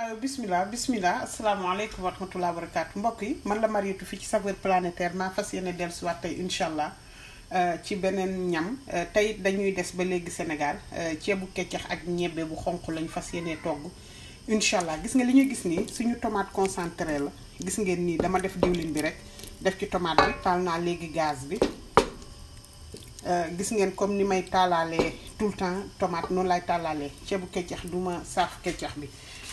Euh, bismillah bismillah asalaamaaleykum wa wa mbok yi man la fi ci saveur planétaire Ma InshAllah, euh, ci BENEN ñam euh, TAY dañuy des ba Sénégal ak ñebbe bu togg gis nga gis suñu tomate concentrée la gis ngeen dama def diwlin bi def ci tomate bi TAL NA gaz bi gis comme ni may tout le temps tomate NON lay talalé ci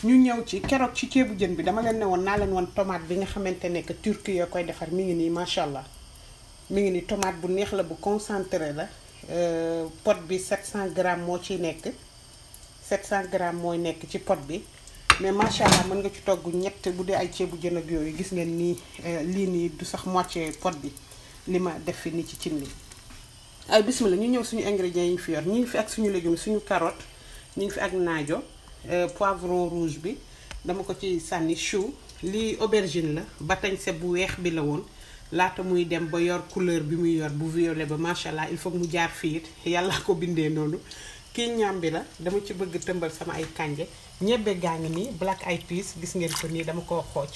ñu ñëw ci keroog ci ceebu jën bi dama leen ne woon naa leen woon tomate bi nga xamante ne que turki yoo koy defar mi ngi nii macha allah mi ngi nii tomate bu neex la bu concentré la euh, pot bi 700 grammes moo ciy nekk 700 grammes mooy nekk ci pot bi mais macha allah mën nga ci togg ñett bu dee ay ceebu jën ak yooyu gis ngeen nii euh, lii nii du sax moitié pot bi li ma def fi nii ci cin li ay euh, bismillah ñu ñëw suñu ingrédients yi ñu fi yor ñu fi ak suñu légumes suñu carotte ñu ngi fi ak naajo. Euh, poivron rouge bi dama ko ci sànni chou lii aubergine la batañse bu weex bi la woon laata muy dem ba yor couleur bi muy yor bu violet ba macha allah il faut mu jaar fii it yàlla ko bindee noonu kii ñam bi la dama ci bëgg tëmbal sama ay kànja ñebbe gaa ngi nii black eyed peas gis ngeen ko nii dama koo xooj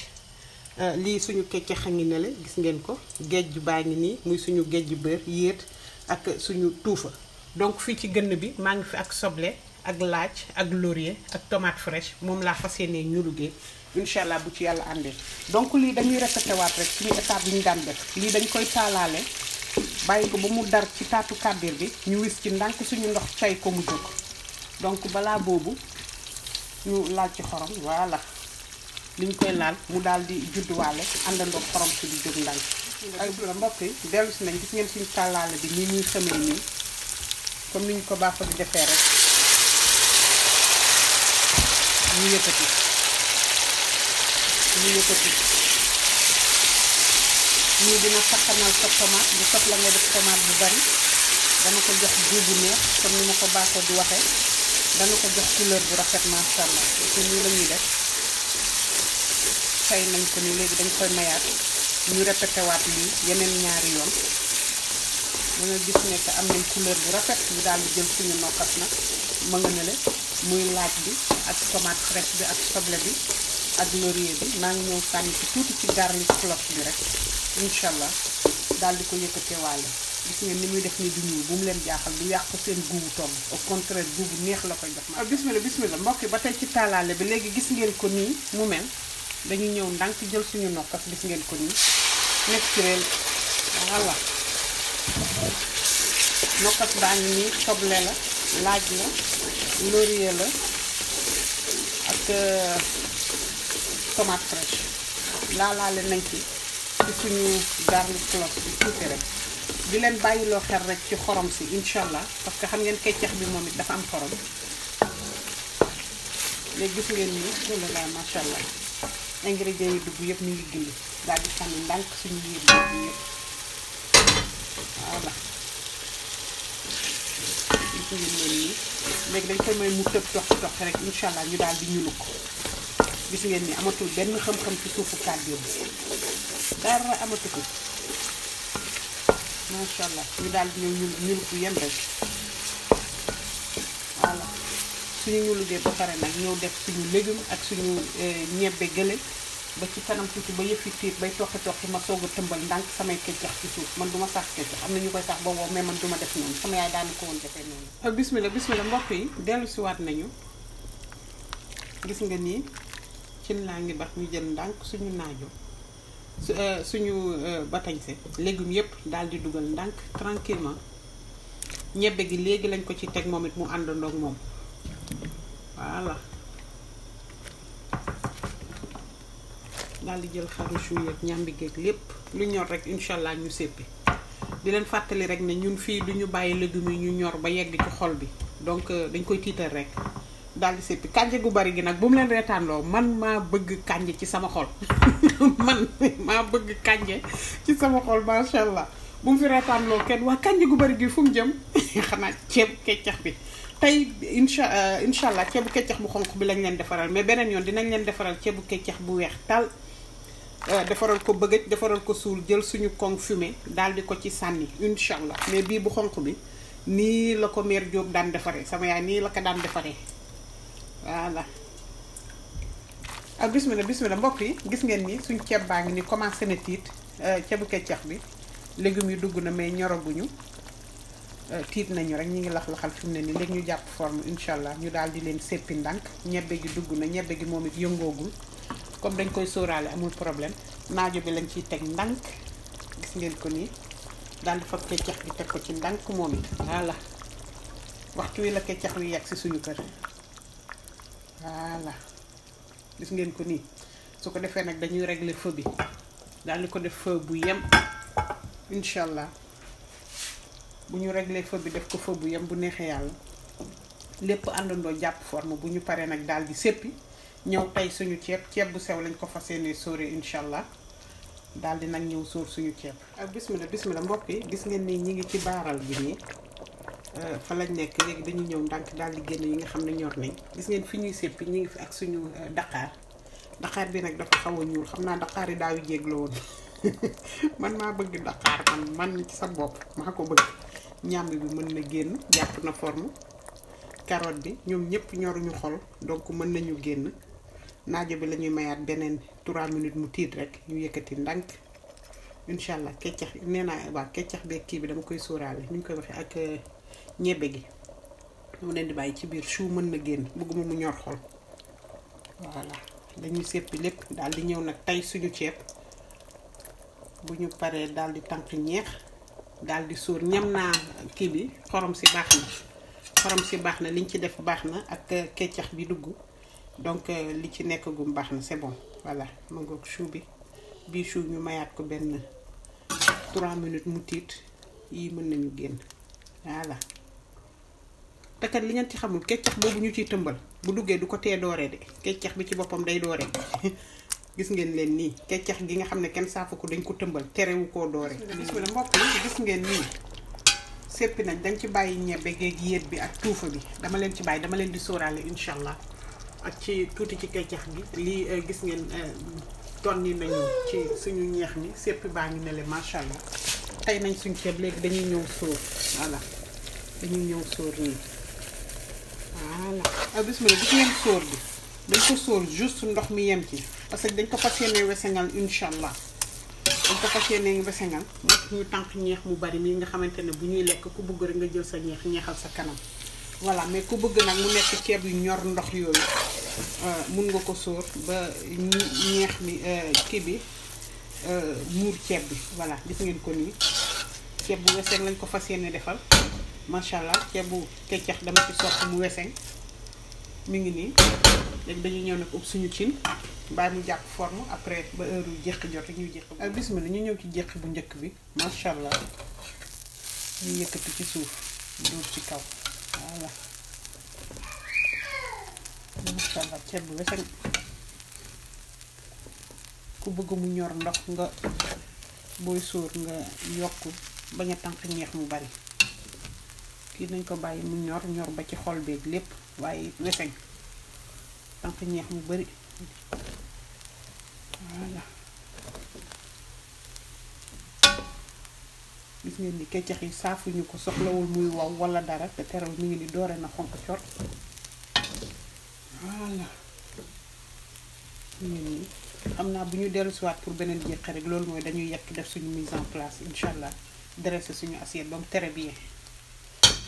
euh, lii suñu keccax a ngi ne la gis ngeen ko géej baa ngi nii muy suñu géej bër yéet ak suñu tuufa donc fii ci gënn bi maa ngi fi ak soble ak laaj ak laurier ak tomate fraîche moom laa fas yéenee ñu liggéey incha bu ci yàlla àndee donc lii dañuy répété waat rek suñu étape bi ñu daan def lii dañ koy taalaale bàyyi ko ba mu dar ci taatu kàddir bi ñu wis ci ndànk suñu ndox cay ko mu jóg donc balaa boobu ñu laal ci xorom voilà liñ koy laal mu daal di judduwaale àndandoo xorom si di jóg ndànk. ay mbokk nañ gis ngeen suñu taalaale bi nii ñuy xamee nii comme ni ñu ko baaxoo di defee rek. ñu yëkkati ñu yëkkati ñu dina sakkanal sa tomate bu sopp la nga def tomate bu bari dana ko jox jiw bu neex comme ni ma ko baaxoo di waxee dana ko jox couleur bu rafet macha allah te nii la ñuy def fay nañ ko ni léegi dañ koy mayaat ñu répété waat lii yeneen ñaari yoon da nga gis ne am nañ couleur bu rafet ñu daal di jël suñu nokkas nag ma nga ne muy laaj bi ak tomate fraîche bi ak soble bi ak laurier bi naa ngi ñëw sànni ci tuuti ci garlic clove bi rek incha allah di ko yëkkateewaale gis ngeen ni muy def ni du ñuul bu mu leen jaaxal du ko seen guubu togg au contraire guubu neex la ko jox ma ah, bismillah bismillah mbokk yi ba tey ci taalaale bi léegi gis ngeen ko nii mu mel dañu ñëw ndànk jël suñu nokkas gis ngeen ko nii nekk ci reen voilà nokkas baa ngi nii soble la laaj la laurier la Euh, tomate fraîche laalaale nañ ci ci suñu garlic clove bi tuuti rek di leen bàyyiloo xel rek ci xorom si incha allah parce que xam ngeen keccax bi moom it dafa am xorom léegi gis ngeen ni loolu la macha allah yi dugg yëpp ñu ngi gën daal di sànni ndànk suñu yëngu yëpp voilà. toujours mel nii léegi dañ koy may mu tëb tox tox rek incha allah ñu daal di ñulu ko gis ngeen ni amatul benn xam-xam ci suufu kàddu bi dara amatu ko ñu daal di ñëw ñul ñulu ko yem rek voilà suñu ñulugee ba nag ñëw def suñu légume ak suñu eh, ñebbe gële ba ci kanam tuuti ba yëpp yi tiit bay toqi toqi ma soog a tëmbal ndànk samay keccax ci suuf man du ma sax am na ñu koy sax ba wow man du ma def noonu sama yaay daanu ko woon defee noonu. Euh, bismillah bismillah mbokk yi dellu siwaat nañu gis nga nii cin laa ngi bax ñu jël ndànk suñu naajo euh, suñu euh, batañse légumes yëpp daal di dugal ndànk tranquillement ñebbe gi léegi lañ ko ci teg moom it mu àndandoog moom voilà dal di jël xaruchu yeeg ñambi geeg lepp lu ñor rek inshallah allah ñu seppi di leen fatali rek ne ñun fi duñu bayyi légumes yi ñu ñor ba yegg ci xol bi donc euh, dañ koy titer rek dal di seppi kànje gu bari gi nak bu mu leen lo man ma bëgg kanje ci sama xol man ma bëgg ci sama xol sha allah bu mu fi lo kenn wa kanje gu bari gi fu mu jëm xanaa ceeb bi tay insha euh, incha allah ceebu keccax bu xonku bi lañ leen defaral mais beneen yoon dinañ leen defaral keccax bu weex tal Euh, defaral ko bëggëj defaral ko suul jël suñu kong fumé dal di ko ci sanni inshallah mais bi bu xonku bi ni la ko mère job daan defaré sama yaay ni la ko daan defaré voilà ak ah, bismillah bismillah mbokk yi gis ngeen ni suñu ceeb baa ngi ni commencé na tiit euh, ceebu keccax bi légumes yi dugg na mais ñoraguñu euh, tiit nañu rek ñi ngi lax-laxal fi ni léegi ñu jàpp forme inshallah ñu daal di leen seppi ndànk ñebbe gi dugg na ñebbe gi moom it comme dañ koy sóoraale amul problème naajo bi lañ ciy teg ndànk gis ngeen ko nii daal di fab keccax bi teg ko ci ndànk moom it voilà waxtu wi la keccax wi yàgg si suñu kër voilà gis ngeen ko nii su ko defee nag dañuy régler feu bi daal di ko def feu bu yem incha allah bu ñu régler feu bi def ko feu bu yem bu neexee yàlla lépp àndandoo jàpp forme bu ñu paree nag daal di seppi ñëw tey suñu ceeb ceeb bu sew lañ ko fas yéene sóore incha allah daal di nag ñëw sóor suñu ceeb. Ah, bismillah bismillah mbopp yi gis ngeen nii ñu ngi ci baaral bi nii euh, fa lañ nekk léegi dañuy ñëw ndànk daal di génn yi nga xam ne ñor nañ gis ngeen fi ñuy seppi ñu ngi fi ak suñu euh, daqaar daqaar bi nag dafa xaw a ñuul xam naa daqaar yi daaw yu jéeg la woon man maa bëgg daqaar man man ci sa bopp maa ko bëgg ñàmb bi mën na génn jàpp na forme carotte bi ñoom ñëpp ñoruñu xol donc mën nañu génn. naajo bi la ñuy mayaat beneen 3 minutes mu tiit rek ñu yëkkati ndànk incha allah keccax nee naa waa keccax beeg kii bi dama koy sóoraale ñu koy waxee ak euh, ñebbe gi mu ne di bàyyi ci biir chou mën na génn bëgguma mu ñor xol voilà dañuy seppi lépp daal di ñëw nag tey suñu ceeb bu ñu paree daal di tànk ñeex daal di suur ñam naa kii bi xorom si baax na xorom si baax na liñ ci def baax na ak euh, keccax bi dugg donc euh, li ci nekk gum baax na c'est bon voilà ma ngoog bi bii chou ñu mayaat ko benn 3 minutes mu tiit yii mën nañu génn voilà te kat li ngeen ci xamul keccax boobu ñu ci tëmbal bu duggee du ko tee dooree de keccax bi ci boppam day dooree gis ngeen leen nii keccax gi nga xam ne kenn saafu ko dañ ko tëmbal terewu koo dooree. bismillah mbokk gis ngeen nii seppi nañ dañ ci bàyyi ñebe geeg yéet bi ak tuufa bi dama leen ci bàyyi dama leen di sóoraale incha allah. ak ci tuuti ci keccax gi lii euh, gis ngeen euh, tonni nañu ci suñu ñeex mi sépp baa ngi ne le macha allah tey nañ suñ ceeb léegi dañuy ñëw sóor voilà dañuy ñëw sóor nii voilà ah bismillah gis ngeen sóor bi dañ ko sóor juste ndox mi yem ci parce que dañ ko fas yéenee wesengal incha allah dañ ko fas yéenee wesengal moo tax ñu tànk ñeex mu bari mii nga xamante ne bu ñuy lekk ku bëgg rek nga jël sa ñeex ñeexal sa kanam voilà mais ku bëgg nak mu nekk ceeb yu ñor ndox euh mën nga ko soor ba ñeex mi euh ki bi euh mur ceeb bi voilà gis ngeen ko ni ceeb bu wessé lañ ko fas yéene defal macha ceeb bu keccax dama ci sopp mu wessé mi ngi ni dañ dañu ñëw nak upp suñu cin bàyyi mu japp forme après ba heure yu jéx jot ñu jéx jeq euh, bismillah ñu ñëw ci jéx bu njëkk bi machallah ñu yëkkati ci suuf dóor ci kaw Voilà. macha allah ceeb bi wesen ku bëgg mu ñor ndox nga booy sóor nga yokk bañ a tànq ñeex mu bari kii nañ ko bàyyi mu ñor ñor ba ci xol beeg lépp waaye wesen tànq ñeex mu bari voilà ngeen ni keccax yi saafuñu ko soxlawul muy waw wala dara te teral mi ngi ni doore na xonk cor wala ngeen ni amna naa bu ñu dellu siwaat pour benen jeexe rek lool moy dañuy yek def suñu mise en place inshallah dresser suñu assiette bam téré tere bien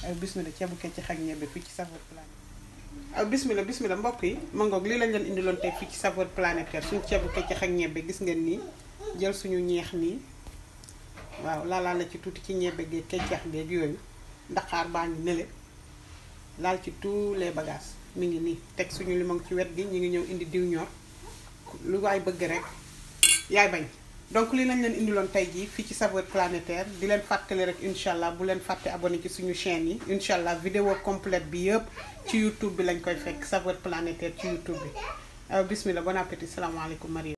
ay ci bu keccax ak ñebbe fi ci Saveurs Planétaires aw bismillah bismillah mbokk yi ma ngok li lañ leen indi lon tay fi ci Saveurs Planétaires suñu ceebu keccax ak ñebbe gis ngeen ni jël suñu ñeex ni waaw laalaa la ci tuuti ci ñebe geeg keccax geeg yooyu ndaxaar baa ngi nële laal ci tous les bagages mi ngi nii teg suñu limon ci wet gi ñu ngi ñëw indi diw ñor lu waay bëgg rek yaay bañ donc li lañ leen indiloon tey jii fii ci saveur planétaire di leen fàttali rek incha allah bu leen fàtte abonné ci suñu chaîne yi incha allah vidéo complète bi yëpp ci youtube bi lañ koy fekk saveur planétaire ci youtube bi euh, bismillah bon appétit salaamaaleykum